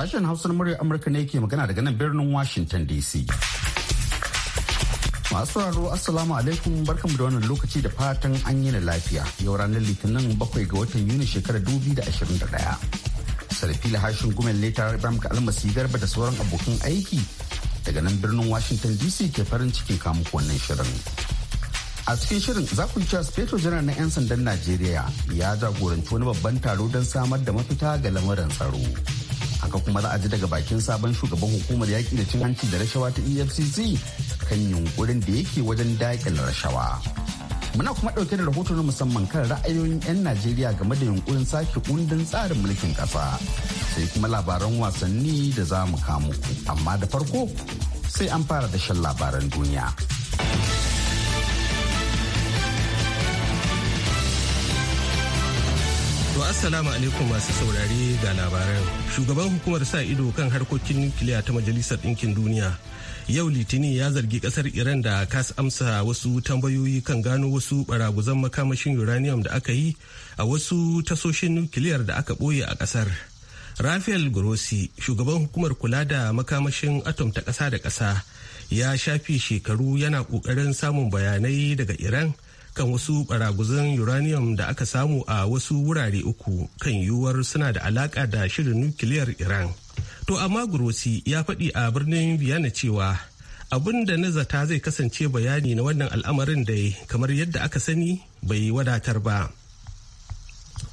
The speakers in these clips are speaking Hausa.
Sashen hausar na muryar Amurka ne ke magana daga nan birnin Washington DC. Masu sauraro Assalamu alaikum barkanmu da wannan lokaci da fatan an yi na lafiya. Yau ranar Litinin bakwai ga watan Yuni shekarar 2021. Sarfila hashin gumen leta Ibrahim ka almasi garba da sauran abokan aiki daga nan birnin Washington DC ke farin cikin kamuku wannan shirin. A cikin shirin za ku cewa Speto Janar na 'yan sandan Najeriya ya jagoranci wani babban taro don samar da mafita ga lamarin tsaro. haka kuma za a ji daga bakin sabon shugaban hukumar yaƙi da cin hanci da rashawa ta efcc kan yunkurin da yake wajen daƙil rashawa muna kuma ɗauke da rahoto na musamman kan ra'ayoyin 'yan najeriya game da yunkurin sake kundin tsarin mulkin ƙasa sai kuma labaran wasanni da za mu kamu amma da farko sai an fara da shan labaran duniya. To assalamu alaikum masu saurare ga labaran. Shugaban hukumar sa ido kan harkokin nukiliya ta Majalisar Ɗinkin Duniya yau litini ya zargi kasar Iran da kas amsa wasu tambayoyi kan gano wasu baraguzan makamashin uranium da aka yi a wasu tasoshin nukiliyar da aka ɓoye a kasar Rafael Grossi, shugaban hukumar kula da makamashin atom ta ƙasa da ƙasa, ya shafi shekaru yana ƙoƙarin samun bayanai daga Iran. kan wasu baraguzan uranium da aka samu a wasu wurare uku kan yiwuwar suna da alaka da shirin nukiliyar iran to amma gurosi ya faɗi a birnin biyana cewa abin da na zai kasance bayani na wannan al'amarin da kamar yadda aka sani bai wadatar ba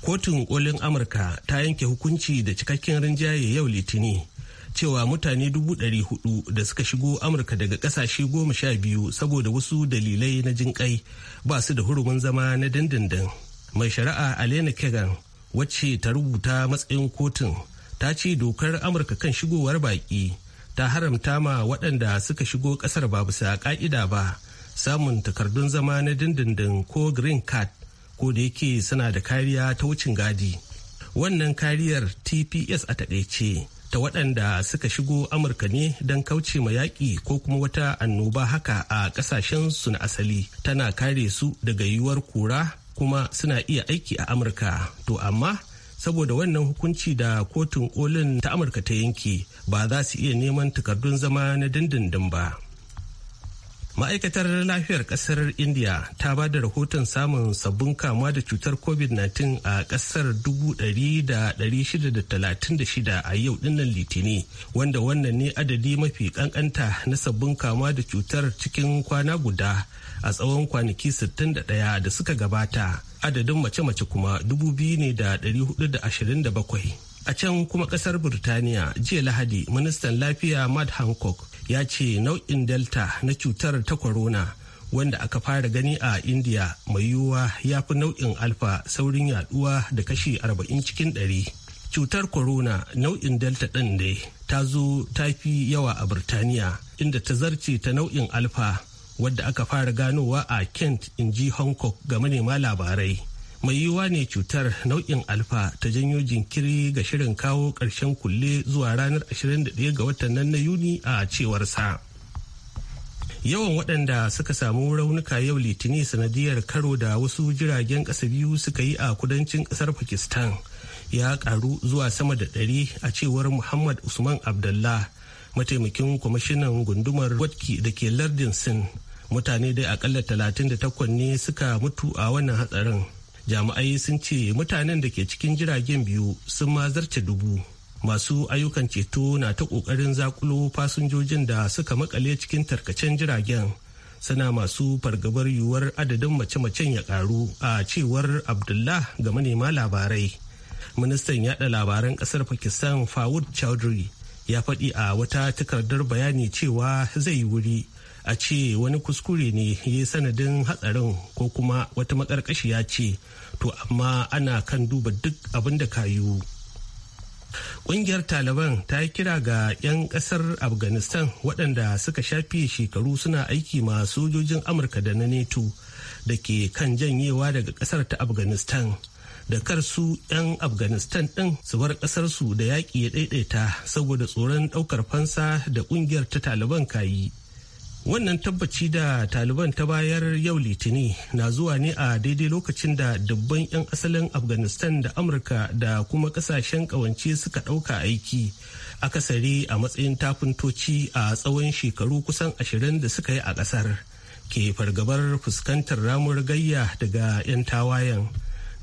kotun kolin amurka ta yanke hukunci da cikakken rinjaye yau litini cewa mutane dubu ɗari hudu da suka shigo amurka daga ƙasashe goma sha biyu saboda wasu dalilai na jinƙai ba su da hurumin zama na dindindin mai shari'a alena kegan wacce ta rubuta matsayin kotun ta ce dokar amurka kan shigowar baƙi ta haramta ma waɗanda suka shigo ƙasar ba bisa ƙa'ida ba samun takardun zama na dindindin ko green card ko da yake suna da kariya ta wucin gadi wannan kariyar tps a taƙaice ta waɗanda suka shigo amurka ne don kauce ma yaƙi ko kuma wata annoba haka a ƙasashen su na asali tana kare su daga yiwuwar kura kuma suna iya aiki a amurka to amma saboda wannan hukunci da kotun kolin ta amurka ta yanke ba za su iya neman takardun zama na dindindin ba ma'aikatar lafiyar kasar india ta ba da rahoton samun sabbin kamuwa da cutar covid-19 a kasar 636 a yau dinnan litini wanda wannan ne adadi mafi kankanta na sabbin kamuwa da cutar cikin kwana guda a tsawon kwanaki 61 da suka gabata adadin mace-mace kuma 2427 a can kuma kasar burtaniya jiya lahadi ministan lafiya mad hancock ya ce nau'in delta na cutar ta corona wanda aka fara gani a india mai yiwuwa ya fi nau'in alfa saurin yaduwa da kashi 40 cikin 100 cutar corona nau'in delta ɗin dai ta zo ta fi yawa a birtaniya inda ta zarce ta nau'in alfa wadda aka fara ganowa a kent in ji Kong ga manema labarai mai yiwuwa ne cutar nau'in alfa ta janyo jinkiri ga shirin kawo ƙarshen kulle zuwa ranar 21 ga watan nan na yuni a cewar sa yawan waɗanda suka samu raunuka yau litinin sanadiyar karo da wasu jiragen ƙasa biyu suka yi a kudancin ƙasar pakistan ya ƙaru zuwa sama da ɗari a cewar muhammad usman abdullah mataimakin kwamishinan gundumar watki da ke lardin sin mutane dai akalla 38 ne suka mutu a wannan hatsarin jami'ai sun ce mutanen da ke cikin jiragen biyu sun mazarce dubu masu ayyukan ceto na ta kokarin zakulo fasinjojin da suka makale cikin tarkacen jiragen suna masu fargabar yiwuwar adadin mace-macen ya karu a cewar abdullah ga manema labarai ministan yada labaran kasar pakistan fawud chowdhury ya faɗi a wata takardar bayani cewa zai yi wuri a ce wani kuskure ne ya sanadin hatsarin ko kuma wata makarkashiya ce to amma ana kan duba duk abin da yi Ƙungiyar Taliban ta yi kira ga 'yan ƙasar Afghanistan waɗanda suka shafe shekaru suna aiki ma sojojin Amurka da na NATO da ke kan janyewa daga ƙasar ta Afghanistan. Da kar su 'yan Afghanistan ɗin su bar ƙasarsu da yaƙi ya ɗaiɗaita saboda tsoron ɗaukar fansa da ƙungiyar ta Taliban ka yi. wannan tabbaci da taliban ta bayar yau litini na zuwa ne a daidai lokacin da dubban 'yan asalin afghanistan da amurka da kuma kasashen kawance suka ɗauka aiki akasari a matsayin takuntoci a tsawon shekaru kusan ashirin da suka yi a ƙasar ke fargabar fuskantar ramuwar gayya daga 'yan tawayen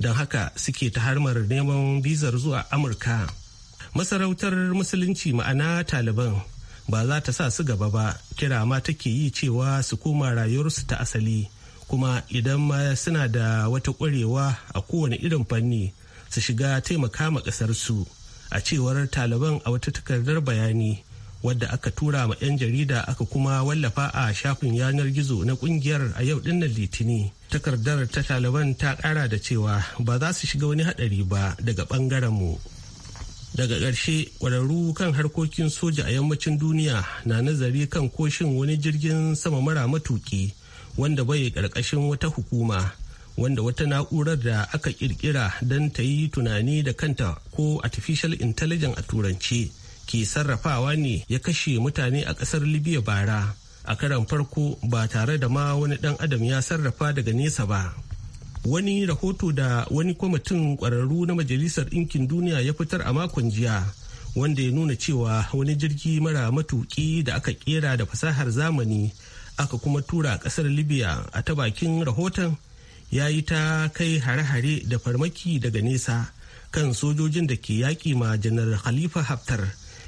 don haka suke ta harmar neman bizar zuwa amurka masarautar musulunci ma'ana taliban ba za ta sa su gaba ba kira ma take yi cewa su koma rayuwarsu ta asali kuma idan ma suna da wata ƙwarewa a kowane irin fanni su shiga taimaka ma ƙasarsu a cewar taliban a wata takardar bayani wadda aka tura ma 'yan jarida aka kuma wallafa a shafin yanar gizo na kungiyar a yau dinnan litini takardar ta taliban ta ƙara da cewa ba za su shiga wani hadari ba daga bangaren mu daga ƙarshe ƙwararru kan harkokin soja a yammacin duniya na nazari kan koshin wani jirgin sama mara matuki wanda bai ƙarƙashin wata hukuma wanda wata na'urar da aka ƙirƙira don ta yi tunani da kanta ko artificial intelligence a turance ke sarrafawa ne ya kashe mutane a ƙasar libya bara a karan farko ba tare da ma wani ɗan adam ya sarrafa daga nesa ba wani rahoto da wani kwamitin kwararru na majalisar ɗinkin duniya ya fitar a makon jiya wanda ya nuna cewa wani jirgi mara matuƙi da aka kera da fasahar zamani aka kuma tura ƙasar libya a ta bakin rahoton ya yi ta kai hare-hare da farmaki daga nesa kan sojojin da ke yaƙi ma janar khalifa haftar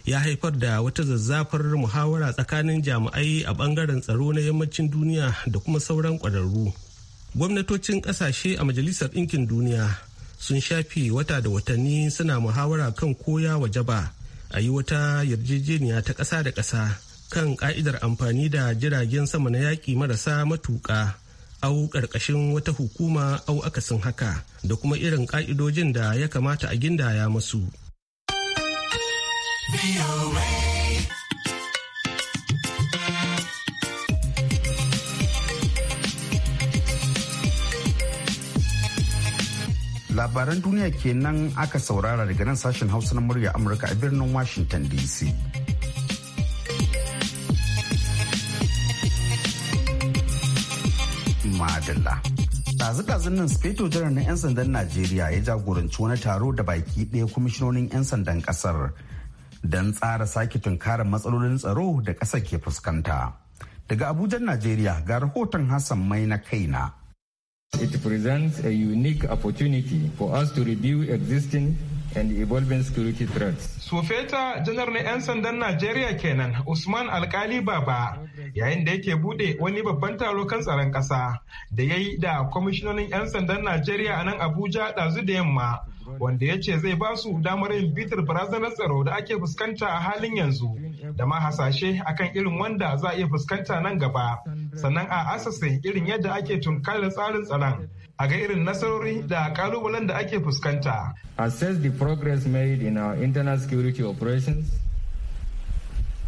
ya haifar da wata zazzafar muhawara tsakanin jami'ai a bangaren tsaro na yammacin duniya da kuma sauran ƙwararru. gwamnatocin ƙasashe a majalisar ɗinkin duniya sun shafi wata da watanni suna muhawara kan koya wa jaba a yi wata yarjejeniya ta ƙasa da ƙasa kan ƙa'idar amfani da jiragen sama na yaƙi marasa matuƙa au ƙarƙashin wata hukuma au akasin haka da kuma irin ƙa'idojin da ya kamata a gindaya masu. labaran duniya kenan aka saurara daga nan sashen hausa na murya amurka a birnin washington dc madalla ɗazu nan speto jiran na 'yan sandan najeriya ya jagoranci wani taro da baki ɗaya kwamishinonin 'yan sandan ƙasar don tsara sake tunkara matsalolin tsaro da ƙasar ke fuskanta daga abujan najeriya ga rahoton hassan mai na kaina It presents a unique opportunity for us to review existing and evolving security threats. Sofeta janar na 'yan sandan Najeriya kenan Usman Alkali Baba yayin da yake bude wani babban taro kan tsaron ƙasa da ya yi da kwamishinonin 'yan sandan Najeriya a nan Abuja ɗazu da yamma. wanda ya ce zai ba su damar yin bitar barazanar tsaro da ake fuskanta a halin yanzu da ma hasashe akan irin wanda za a iya fuskanta nan gaba sannan a asase irin yadda ake tunkarar tsarin tsaron a ga irin nasarori da kalubalen da ake fuskanta. Assess the progress made in our internal security operations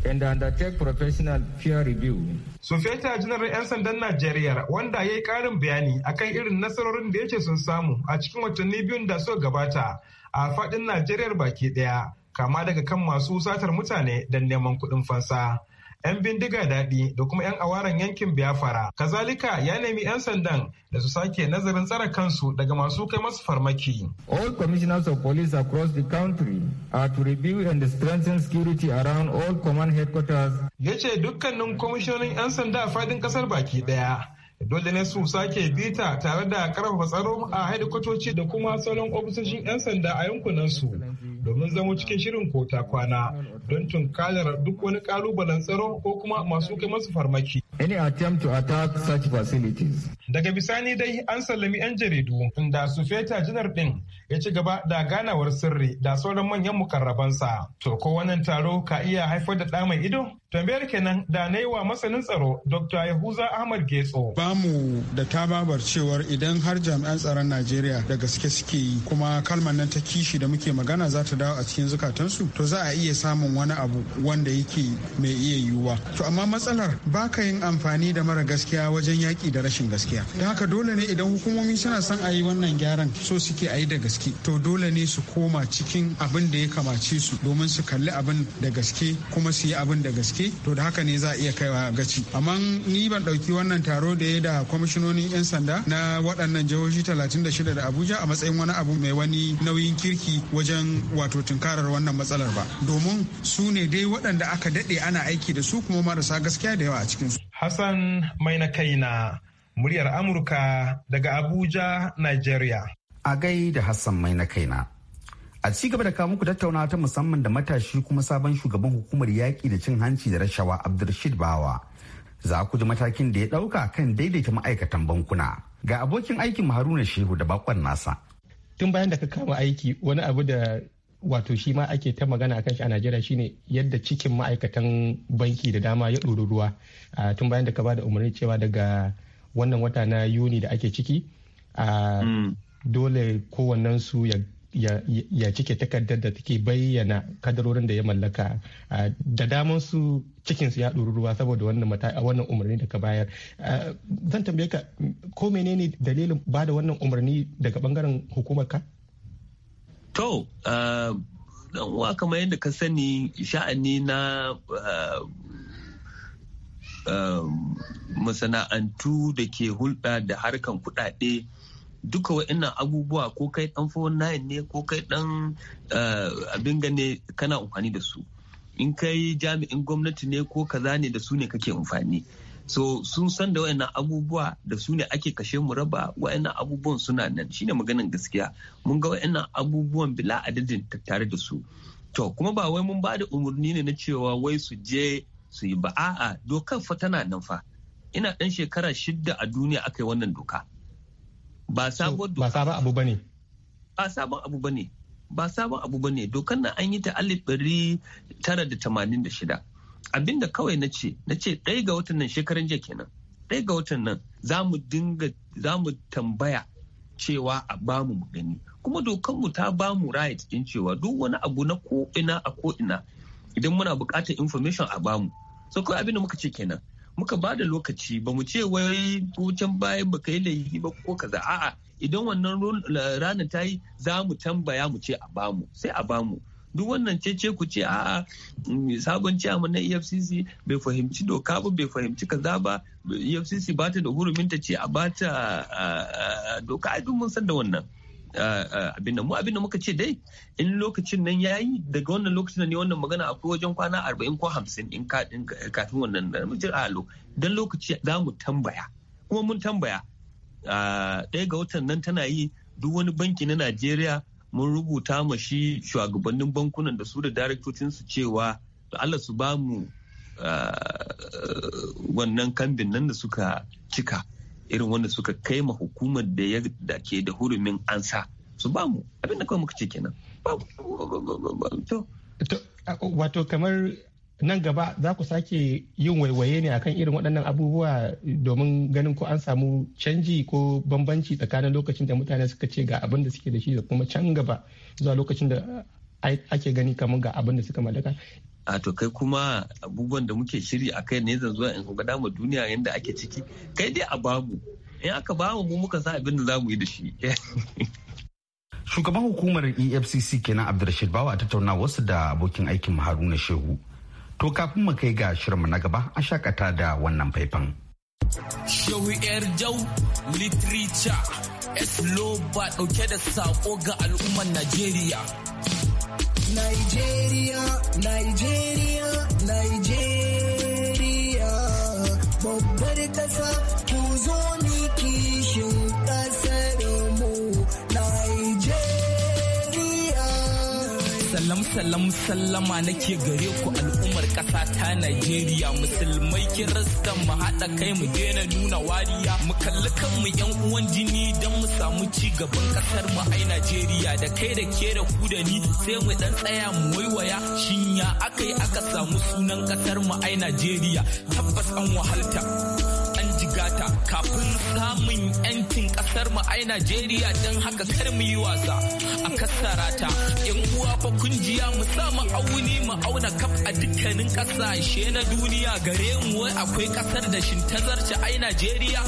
and undertake professional peer review. Sufeta janar 'yan sandan Najeriya wanda ya yi ƙarin bayani akan irin nasarorin da yake sun samu a cikin watanni biyun da suka gabata a faɗin Najeriya baki ɗaya kama daga kan masu satar mutane don neman kuɗin fansa. 'yan bindiga daɗi da kuma 'yan awaran yankin biafara kazalika ya nemi 'yan sandan da su sake nazarin tsare kansu daga masu kai masu farmaki all commissioners of police across the country are to review and strengthen security around all command headquarters ya ce dukkanin kwamishinonin 'yan sanda a fadin kasar baki daya dole ne su sake bita tare da karfafa tsaro a hedikwatoci da kuma salon ofisoshin 'yan sanda a yankunansu. domin zamo cikin shirin ko ta kwana don tunkarar duk wani kalubalen tsaro ko kuma masu kai masu farmaki. Any attempt to attack such facilities. Daga bisani dai an sallami 'yan jaridu inda su feta janar ɗin ya ci gaba da ganawar sirri da sauran manyan mukarrabansa. To ko wannan taro ka iya haifar da ɗa mai ido? Tambayar kenan da na yi wa masanin tsaro Dr. Yahuza Ahmad Getso. Ba mu da tababar cewar idan har jami'an tsaron Najeriya da gaske suke yi kuma kalmar nan ta kishi da muke magana za ta dawo a cikin zukatansu to za a iya samun wani abu wanda yake mai iya yiwuwa. To amma matsalar baka yin amfani da mara gaskiya wajen yaƙi da rashin gaskiya. Don haka dole ne idan hukumomi suna son a yi wannan gyaran so suke a yi da gaske to dole ne su koma cikin abin da ya kamace su domin su kalli abin da gaske kuma su yi abin da gaske. gaske to da haka ne za a iya kaiwa gaci amma ni ban ɗauki wannan taro da ya da kwamishinonin 'yan sanda na waɗannan jihohi 36 da abuja a matsayin wani abu mai wani nauyin kirki wajen wato tunkarar wannan matsalar ba domin su ne dai waɗanda aka daɗe ana aiki da su kuma marasa gaskiya da yawa a cikin su hassan mai na kaina muryar amurka daga abuja nigeria a gai da hassan mai na kaina A ci gaba da kawo muku tattaunawa ta musamman da matashi kuma sabon shugaban hukumar yaƙi da cin hanci da rashawa Abdulrashid Bawa. Za ku ji matakin da ya ɗauka kan daidaita ma'aikatan bankuna. Ga abokin aikin Haruna Shehu da bakon nasa. Tun bayan da ka kama aiki wani abu da wato shi ma ake ta magana akan shi a Najeriya shine yadda cikin ma'aikatan banki da dama ya ɗoro ruwa tun bayan da ka bada umarni cewa daga wannan wata na Yuni da ake ciki hmm. dole kowannensu ya ya cike takardar da take bayyana kadarorin da ya mallaka da daman su cikin su ya ɗori ruwa saboda wannan wannan umarni da ka bayar zan tambaye ka ko menene dalilin ba da wannan umarni daga bangaren hukumar ka to dan uwa kamar yadda ka sani sha'ani na masana'antu da ke hulɗa da harkan kuɗaɗe duka wa'annan abubuwa ko kai dan 49 ne ko kai dan eh, abin gane kana amfani da su in kai jami'in gwamnati ne ko kaza ne da su ne kake amfani so sun san da wayannan abubuwa da su ne ake kashe mu raba wayannan abubuwan suna nan shine maganin gaskiya mun ga wayannan abubuwan bila adadin tare da su to kuma ba wai mun ba da umarni ne na cewa wai su je su yi ba a'a dokar fa tana nan fa ina dan shekara shidda a duniya aka yi wannan doka ba sabon doka ba sabon abu bane ba sabon abu bane ba sabon abu bane dokan nan an yi ta alif ɗari tara da tamanin shida abinda kawai na ce na ce ɗaya ga watan nan shekaran jiya kenan ɗaya ga watan nan za mu dinga za mu tambaya cewa a bamu mu gani kuma dokar mu ta bamu right din cewa duk wani abu na ko ina a ko ina idan muna buƙatar information a bamu so kawai abinda muka ce kenan muka ba da lokaci ba mu ce wai wucin baya ba ka yi laifi ba ko kaza a'a idan wannan rana ta yi za mu tambaya mu ce a bamu sai a bamu duk wannan ce ce ku ce a'a mm, sabon ciyaman na efcc bai fahimci doka ba bai fahimci kaza ba efcc ba ta da hurumin ta ce a ba ta doka ai mun san da wannan abin mu abinda muka ce dai in lokacin nan ya yi daga wannan lokacin ne wannan magana akwai wajen kwana 40 ko 50 in kafin wannan mu jira alo don lokaci za mu tambaya kuma mun tambaya ɗaya ga watan nan tana yi duk wani banki na Najeriya mun rubuta ma shi shugabannin bankunan da su da su cewa da Allah su ba mu wannan kambin nan da suka cika irin wanda suka kai ma hukumar da ya ke da hurumin ansa su ba mu abinda kawai muka ce kenan wato kamar nan gaba za ku sake yin waiwaye ne akan irin waɗannan abubuwa domin ganin ko an samu canji ko bambanci tsakanin lokacin da mutane suka ce ga abin da suke da shi da kuma can gaba zuwa lokacin da ake gani kamar ga abin da suka mallaka a to kai kuma abubuwan da muke shiri a kai ne zan zuwa in ga mu duniya yadda ake ciki kai dai a babu in aka bawa mu muka sa abin da za mu yi da shi shugaban hukumar efcc kenan abdulrashid bawa tattauna wasu da abokin aikin haruna shehu to kafin mu kai ga shirinmu na gaba a shakata da wannan faifan shehu yar jau literature esloba dauke da sako ga al'ummar najeriya Nigeria, Nigeria, Nigeria, babbar kasa ku zo ni kishin salam sallama nake gare ku al'ummar ƙasa ta Najeriya musulmai kirista mu haɗa kai mu daina nuna wariya mu kalli kan mu yan uwan jini don mu samu ci gaban ƙasar mu ai Najeriya da kai da ke da ku da ni sai mu dan tsaya mu waiwaya Shin shinya akai aka samu sunan ƙasar mu ai Najeriya tabbas an wahalta kafin samun yancin kasar mu ai Najeriya don haka kar mu yi wasa a kasara ta yan uwa fa kungiya mu sa mu auni mu auna kaf a dukkanin kasashe na duniya gare mu wai akwai kasar da shin tazarce ai Najeriya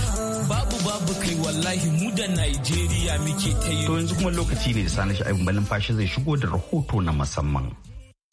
babu babu kai wallahi mu da Najeriya muke ta yi to yanzu kuma lokaci ne da sanin shi balin fashi zai shigo da rahoto na musamman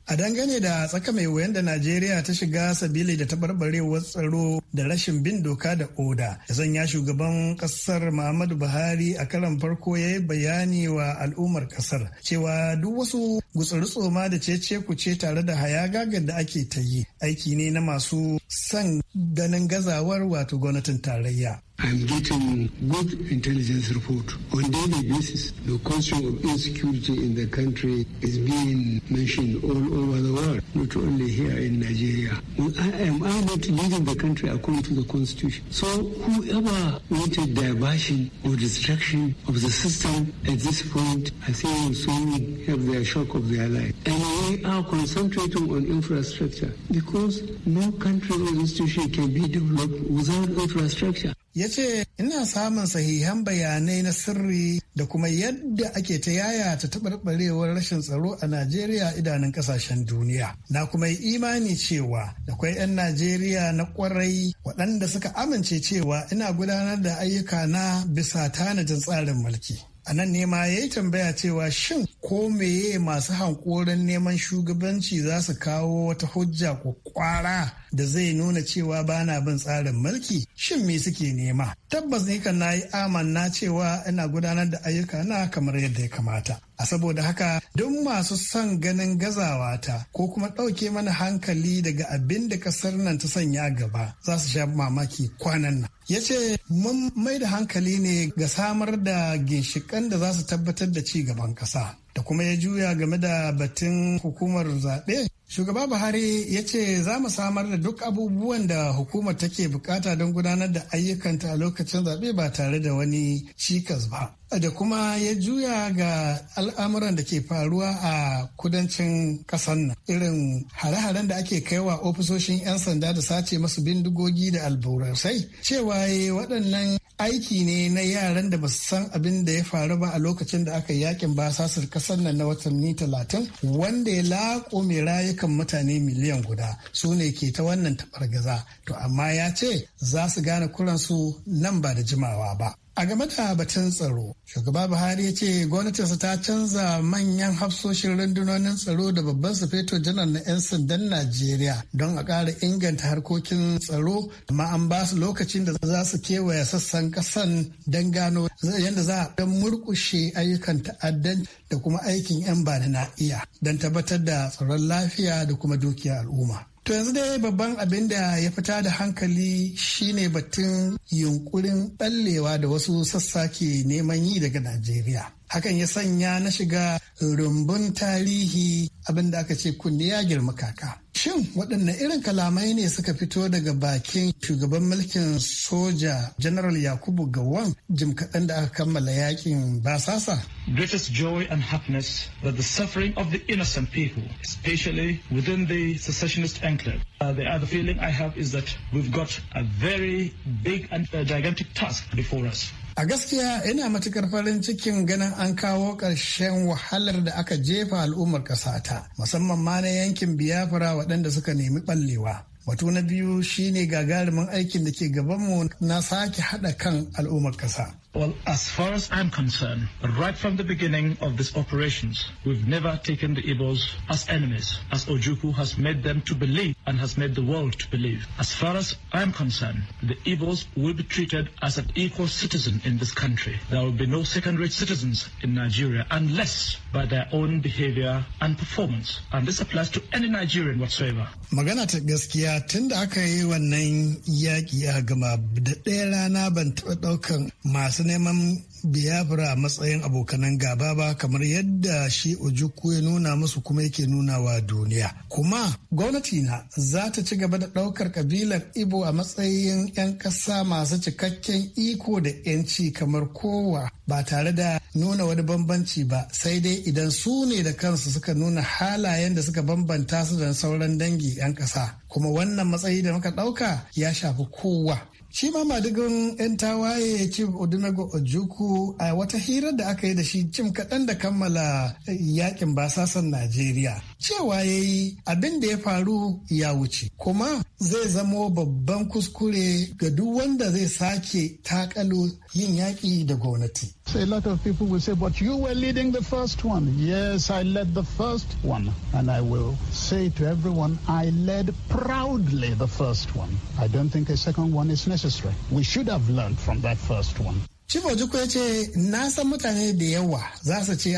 A dangane da tsaka mai wuyan da Najeriya ta shiga sabili da tabarbarewar tsaro da rashin bin doka da oda, da shugaban ƙasar Muhammadu Buhari a karan farko ya yi bayani wa al'ummar ƙasar. cewa duk wasu tsoma da cece kuce tare da hayagagar da ake ta yi aiki ne na masu son ganin gazawar wato gwamnatin tarayya. I'm getting good intelligence report. On daily basis, the question of insecurity in the country is being mentioned all over the world, not only here in Nigeria. I am I not lead the country according to the constitution. So whoever wanted diversion or destruction of the system at this point, I think will soon have their shock of their life. And we are concentrating on infrastructure because no country or institution can be developed without infrastructure. ya ce ina samun sahihan bayanai na sirri da kuma yadda ake ta yaya ta taɓarɓarewar rashin tsaro a najeriya idanun ƙasashen duniya na kuma yi imani cewa akwai 'yan najeriya na kwarai waɗanda suka amince cewa ina gudanar da ayyuka na bisa tanajin tsarin mulki a nan ne ma ya yi tambaya cewa shin ko meye masu hankorin neman shugabanci za su kawo wata hujja ko kwara da zai nuna cewa ba na bin tsarin mulki shin me suke nema tabbas ne kan na yi amanna cewa ina gudanar da ayyuka na kamar yadda ya kamata A saboda haka duk masu son ganin gazawa ta ko kuma ɗauke mana hankali daga abin da kasar nan ta sanya gaba za su sha mamaki kwanan nan. Ya ce mun mai da hankali ne ga samar da ginshikan da za su tabbatar da ci gaban ƙasa. Da kuma ya juya game da batun hukumar zaɓe Shugaba Buhari ya ce za mu samar da duk abubuwan da hukumar take bukata don gudanar da ayyukanta a lokacin zaɓe ba tare da wani cikas ba. da kuma ya juya ga al'amuran da ke faruwa a kudancin ƙasar nan irin hare-haren da ake kaiwa ofisoshin 'yan sanda da sace masu bindigogi da alburasai cewa eh, waɗannan aiki ne na yaran da ba su san abin da ya faru ba a lokacin da aka yakin basasar kasar nan na watanni talatin wanda ya laƙo mai rayukan mutane miliyan guda su ne ke ta wannan tabargaza to amma ya ce za su gane kuransu nan ba da jimawa ba A game da batun tsaro, shugaba Buhari ya ce gwamnatinsa ta canza manyan hafsoshin rundunonin tsaro da babban su sufeto janar na 'yan sandan Najeriya don a ƙara inganta harkokin tsaro, amma an ba su lokacin da za su kewaye sassan ƙasan don gano yadda za a murƙushe ayyukan ta'addan da kuma aikin 'yan bani na iya don tabbatar da tsaron lafiya da kuma dukiyar al'umma. To yanzu dai babban abin da ya fita da hankali shine batun yunkurin ɓallewa da wasu sassa ke neman yi daga Najeriya. hakan ya sanya na shiga rumbun tarihi abinda aka ce kunne ya girma kaka shin waɗanne irin kalamai ne suka fito daga bakin shugaban mulkin soja general yakubu gawan jim kaɗan da aka kammala yakin basasa greatest joy and happiness that the suffering of the innocent people especially within the secessionist enclave uh, the other feeling i have is that we've got a very big and uh, gigantic task before us A gaskiya ina matukar farin cikin ganin an kawo ƙarshen wahalar da aka jefa al'ummar ƙasata, musamman ma na yankin Biafra waɗanda suka nemi ɓallewa. Batu na biyu shine gagarumin aikin da ke gabanmu na sake haɗa kan al'ummar ƙasa. Well, as far as I'm concerned, right from the beginning of these operations, we've never taken the Igbos as enemies, as Ojuku has made them to believe and has made the world to believe. As far as I'm concerned, the Igbos will be treated as an equal citizen in this country. There will be no second-rate citizens in Nigeria unless by their own behavior and performance. And this applies to any Nigerian whatsoever. Magana ta gaskiya tun da aka yi wannan yaƙi a gama da ɗaya rana ban taɓa ɗaukan masu neman biyafra a matsayin abokanan gaba ba kamar yadda shi ojukwu ya nuna musu kuma yake nuna wa duniya kuma gwamnati na za ta ci gaba da ɗaukar kabilar ibo a matsayin 'yan ƙasa masu cikakken iko da 'yanci kamar kowa ba tare da nuna wani bambanci ba sai dai idan su ne da kansu suka nuna halayen da suka bambanta su da sauran dangi 'yan ƙasa kuma wannan matsayi da muka ɗauka ya shafi kowa Shi ma madugun 'yan tawaye ya ci Odunago Ojuku a wata hirar da aka yi da shi cim kaɗan da kammala yakin basasan Najeriya. Cewa ya yi abin da ya faru ya wuce, kuma zai zamo babban kuskure ga duk wanda zai sake takalo yin yaƙi da gwamnati. say a lot of people will say, but you were leading the first one. Yes, I led the first one, and I will say to everyone, I led proudly the first one. I don't think a second one is necessary. We should have learned from that first one. Chibojuku ya ce, Na san mutane da yawa za su ce,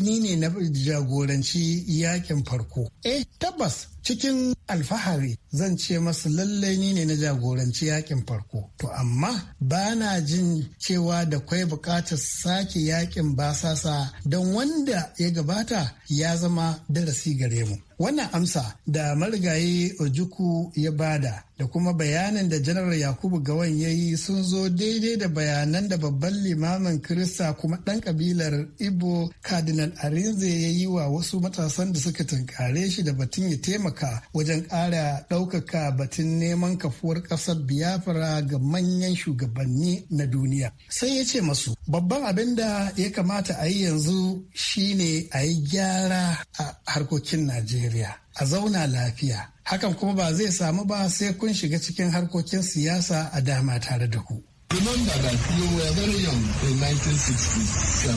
ni ne na jagoranci yakin farko. Eh, tabbas cikin alfahari zan ce masu lallai ni ne na jagoranci yakin farko to amma ba na jin cewa da kwai bukatar sake yakin basasa don wanda ya gabata ya zama darasi gare mu wannan amsa da marigayi ojuku ya bada da kuma bayanin da janar yakubu gawan ya yi sun zo daidai da bayanan da babban limamin kirista kuma dan kabilar ibo cardinal arinze ya yi wa wasu matasan da suka tunkare shi da batun ya taimaka taimaka wajen ƙara ɗaukaka batun neman kafuwar ƙasar biyafara ga manyan shugabanni na duniya. Sai ya ce masu babban abin da ya kamata a yi yanzu shine a yi gyara a harkokin Najeriya. a zauna lafiya hakan kuma ba zai samu ba sai kun shiga cikin harkokin siyasa a dama tare da ku Remember that you were very young in 1960s and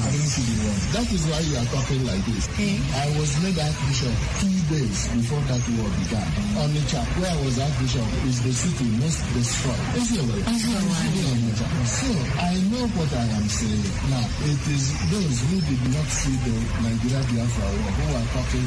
That is why you are talking like this. Mm. I was made Archbishop two days before that war began. On the chap where I was Archbishop is the city most destroyed. So I know what I am saying. Now, it is those who did not see the Nigeria Biafra war who are talking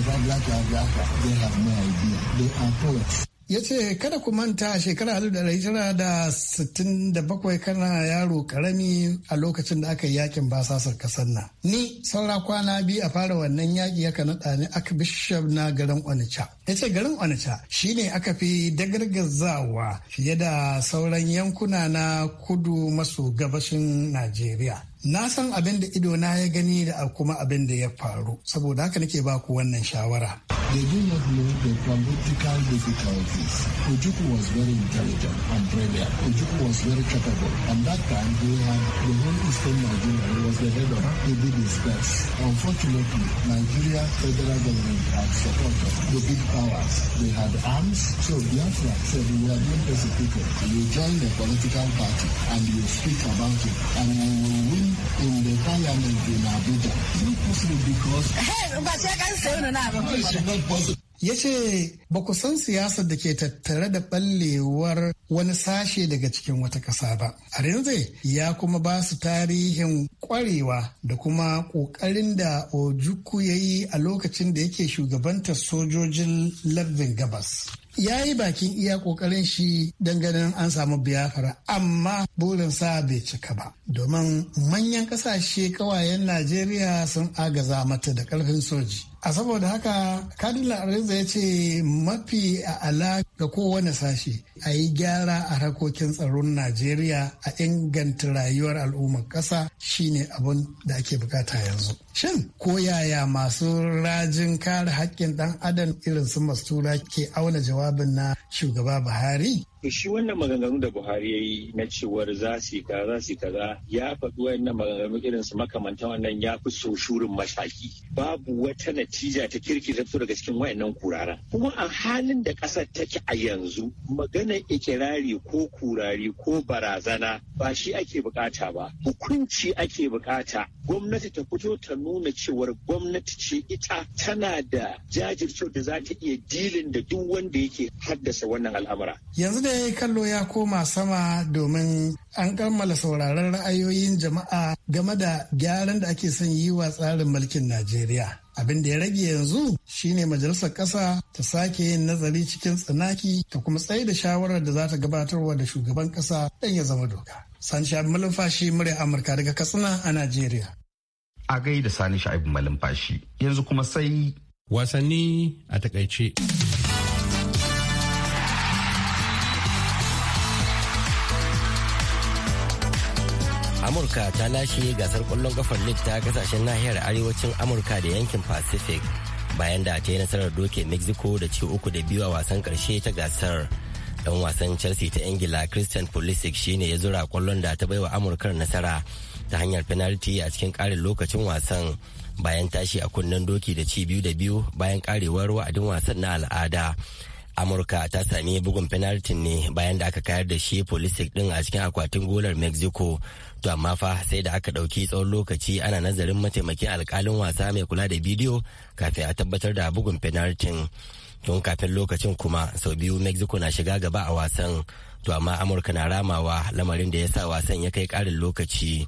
about Black Biafra. They have no idea. They are poets. ya ce kada ku manta shekara 1967 kana yaro karami a lokacin da aka yi yakin basasar kasar nan ni saura kwana biyu a fara wannan yaki yaka naɗa ne aka bishop na garin onitsha ya ce garin onitsha shine aka fi dagargazawa fiye da sauran yankuna na kudu maso gabashin najeriya Na san abin da ido na ya gani da kuma abin da ya faru, saboda haka nake ba ku wannan shawara. They do not know the political difficulties. Ojuku was very intelligent and brilliant. Ojuku was very capable. And that time, we had the whole Eastern Nigeria. who was the head of He did his best. Unfortunately, Nigeria federal government had supported the big powers. They had arms. So Biafra said, we are being persecuted. You join the political party and you speak about it. And you will win in the parliament in Abuja. possible because. Hey, but you can say no, no, no. ya ce ba ku san siyasar da ke tattare da ɓallewar wani sashe daga cikin wata ƙasa ba. Arinze ya kuma ba su tarihin ƙwarewa da kuma ƙoƙarin da ojuku ya yi a lokacin da yake shugabantar sojojin lardin gabas. ya yi bakin iya ƙoƙarin shi ganin an samu biyafara amma burinsa bai cika ba domin manyan ƙasashe ƙawayen najeriya sun agaza mata da ƙarfin soji a saboda haka kadila arza ya ce mafi ala ga kowane sashe a yi gyara a harkokin tsaron najeriya a inganta rayuwar al'ummar ƙasa shine abun da ake bukata yanzu Shin ko yaya masu rajin kare haƙƙin ɗan adam irin su Mastura ke auna jawabin na shugaba Buhari? To shi wannan maganganu da Buhari ya yi na cewar za su yi za su yi kaza ya faɗi wannan maganganu irin su makamanta wannan ya fi so shurin mashaki. Babu wata natija ta kirki ta daga cikin wayannan kuraren. Kuma a halin da ƙasar take a yanzu magana ikirari ko kurari ko barazana ba shi ake bukata ba. Hukunci ake bukata. Gwamnati ta fito ta nuna cewar gwamnati ce ita tana da jajircewa da za ta iya dilin da duk wanda yake haddasa wannan al'amura. Yanzu da ya yi kallo ya koma sama domin an kammala sauraron ra'ayoyin jama'a game da gyaran da ake son yi wa tsarin mulkin Najeriya. Abin da ya rage yanzu shine majalisar ƙasa ta sake yin nazari cikin tsanaki ta kuma tsaye da shawarar da za ta gabatarwa da shugaban ƙasa dan ya zama doka. Sanshi Malumfashi murya Amurka daga Katsina a Najeriya. a gaida sani malin malumfashi yanzu kuma sai wasanni a takaice amurka ta lashe gasar kwallon kafar league ta kasashen nahiyar arewacin amurka da yankin pacific bayan da ta yi nasarar doke mexico da ci uku da biyu a wasan karshe ta gasar dan wasan chelsea ta ingila christian pulisic shine ya zura kwallon da ta baiwa amurkar nasara ta hanyar penalty a cikin karin lokacin wasan bayan tashi a kunnen doki da ci biyu da biyu bayan karewar wa'adin wasan na al'ada amurka ta sami bugun penalty ne bayan da aka kayar da shi polisic din a cikin akwatin golar mexico to amma fa sai da aka ɗauki tsawon lokaci ana nazarin mataimakin alkalin wasa mai kula da bidiyo kafin a tabbatar da bugun penalty tun kafin lokacin kuma sau biyu mexico na shiga gaba a wasan to amma amurka na ramawa lamarin da ya sa wasan ya kai karin lokaci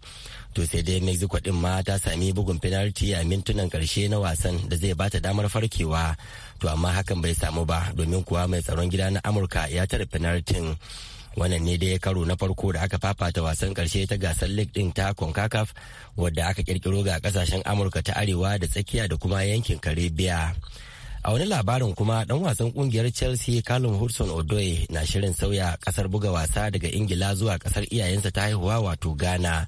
to sai dai mexico din ma ta sami bugun finalti a mintunan karshe na wasan da zai bata damar farkewa to amma hakan bai samu ba domin kuwa mai tsaron gida na amurka ya tare penaltin wannan ne dai karo na farko da aka fafata wasan karshe ta gasar league din ta concacaf wadda aka kirkiro ga kasashen amurka ta arewa da tsakiya da kuma yankin caribbean a wani labarin kuma ɗan wasan ƙungiyar chelsea callum hudson odoi na shirin sauya kasar buga wasa daga ingila zuwa ƙasar iyayensa ta haihuwa wato ghana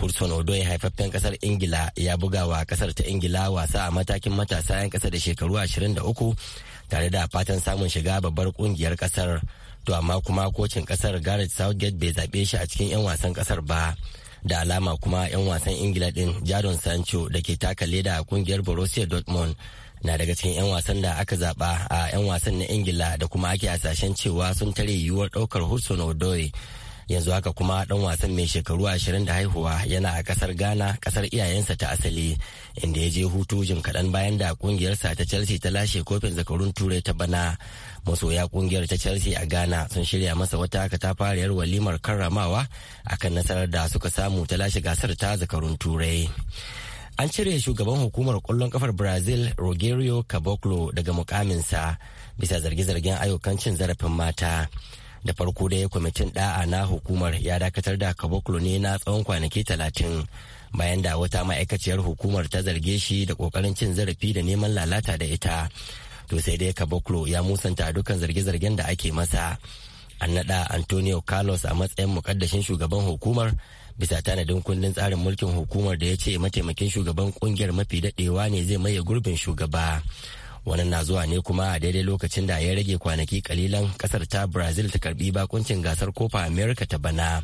hudson odoi haifaffen ƙasar ingila ya buga wa kasar ta ingila wasa a matakin matasa 'yan kasa da shekaru 23 tare da fatan samun shiga babbar ƙungiyar ƙasar, to amma kuma kocin ƙasar gareth southgate bai zaɓe shi a cikin 'yan wasan ƙasar ba da alama kuma 'yan wasan ingila ɗin jadon sancho da ke taka leda a ƙungiyar borussia dortmund na daga cikin 'yan wasan da aka zaba a 'yan wasan na ingila da kuma ake hasashen cewa sun tare yiwuwar ɗaukar hudson odoi yanzu haka kuma dan wasan mai shekaru ashirin da haihuwa yana a kasar ghana kasar iyayensa ta asali inda ya je hutu jin kaɗan bayan da kungiyarsa ta chelsea ta lashe kofin zakarun turai ta bana masoya kungiyar ta chelsea a ghana sun shirya masa wata katafariyar walimar karramawa akan nasarar da suka samu ta lashe gasar ta zakarun turai an cire shugaban hukumar kwallon kafar brazil rogerio caboclo daga mukaminsa bisa zarge-zargen ayyukan cin zarafin mata da farko dai kwamitin da'a na hukumar ya dakatar da caboclo ne na tsawon kwanaki talatin bayan da wata ma'aikaciyar hukumar ta zarge shi da kokarin cin zarafi da neman lalata da ita to sai dai caboclo ya musanta dukkan zarge-zargen da ake masa an naɗa antonio carlos a matsayin mukaddashin shugaban hukumar bisa tanadin kundin tsarin mulkin hukumar da ya ce mataimakin shugaban kungiyar mafi dadewa ne zai maye gurbin shugaba wannan na zuwa ne kuma a daidai lokacin da ya rage kwanaki kalilan kasar ta brazil ta karbi bakuncin gasar kofa america ta bana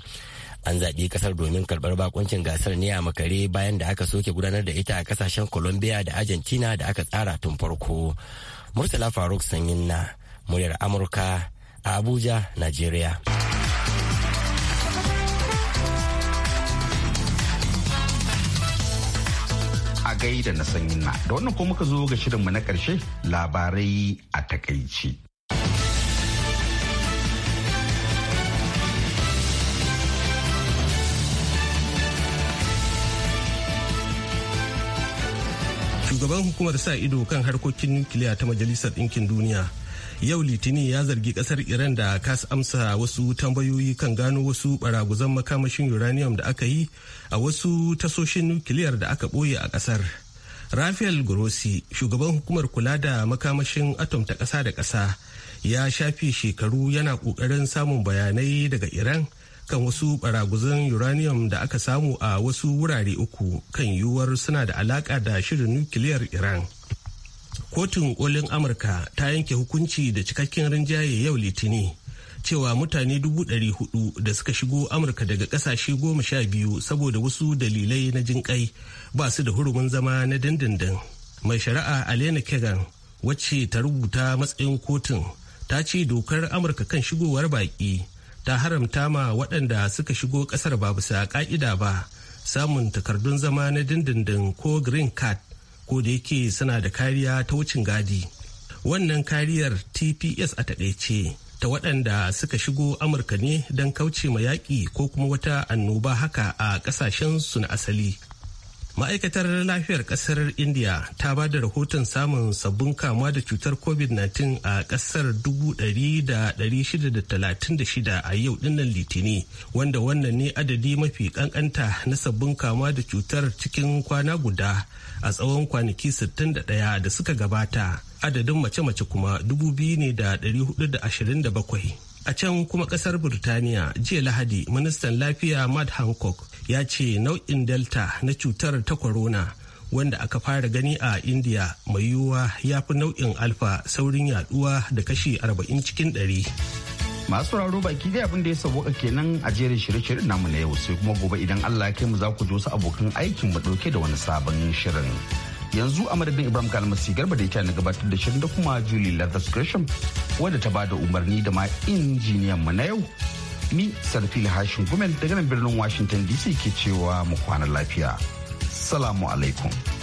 an zaɓi kasar domin karɓar bakuncin gasar ne a makare bayan da aka soke gudanar da ita a kasashen colombia da argentina da aka tsara tun farko murtala faruk sanyin na muryar amurka a abuja nigeria a da na sanyin na da wannan ko muka zo ga shirinmu na karshe labarai a takaici. shugaban hukumar sa ido kan harkokin nukiliya ta majalisar ɗinkin duniya yau litinin ya zargi kasar iran da kas amsa wasu tambayoyi kan gano wasu baraguzan makamashin uranium da aka yi a wasu tasoshin nukiliyar da aka ɓoye a kasar rafael grossi shugaban hukumar kula da makamashin atom ta kasa da kasa ya shafi shekaru yana kokarin samun bayanai daga iran kan wasu baraguzan uranium da aka samu a wasu wurare uku kan yiwuwar suna da alaka da shirin nukiliyar iran kotun kolin amurka ta yanke hukunci da cikakken rinjaye yau litini cewa mutane dubu ɗari hudu da suka shigo amurka daga ƙasashe goma sha biyu saboda wasu dalilai na jinƙai ba su da hurumin zama na dindindin mai shari'a alena kegan wacce ta rubuta matsayin kotun ta ce dokar amurka kan shigowar baƙi ta haramta ma waɗanda suka shigo ƙasar ba bisa ƙa'ida ba samun takardun zama na dindindin ko green card ko da yake suna da kariya ta wucin gadi wannan kariyar tps a takaice ta waɗanda suka shigo amurka ne don kauce ma yaƙi ko kuma wata annoba haka a ƙasashen su na asali ma'aikatar lafiyar kasar india ta ba da rahoton samun sabbin kamuwa da cutar covid-19 a kasar 1,636 a yau dinnan litini wanda wannan ne adadi mafi kankanta na sabbin kamuwa da cutar cikin kwana guda a tsawon kwanaki 61 da suka gabata adadin mace-mace kuma 2,427 A can kuma kasar Burtaniya jiya Lahadi ministan lafiya Matt Hancock ya ce nau'in Delta na cutar ta corona wanda aka fara gani a India mai yiwuwa ya fi nau'in Alpha saurin yaduwa da kashi 40 cikin 100. Masu sauraro baki dai abin da ya sabuka kenan a jerin shirye-shiryen namu na yau sai kuma gobe idan Allah ya kai mu za ku ji wasu abokan aikin mu dauke da wani sabon shirin. yanzu a madadin ibrahim kalmasi garba da ita na gabatar da shirin da kuma julie lathas gresham wadda ta bada umarni da ma injiniyan mu na yau ni sarfili hashin gumen daga nan birnin washington dc ke cewa mu kwana lafiya salamu alaikum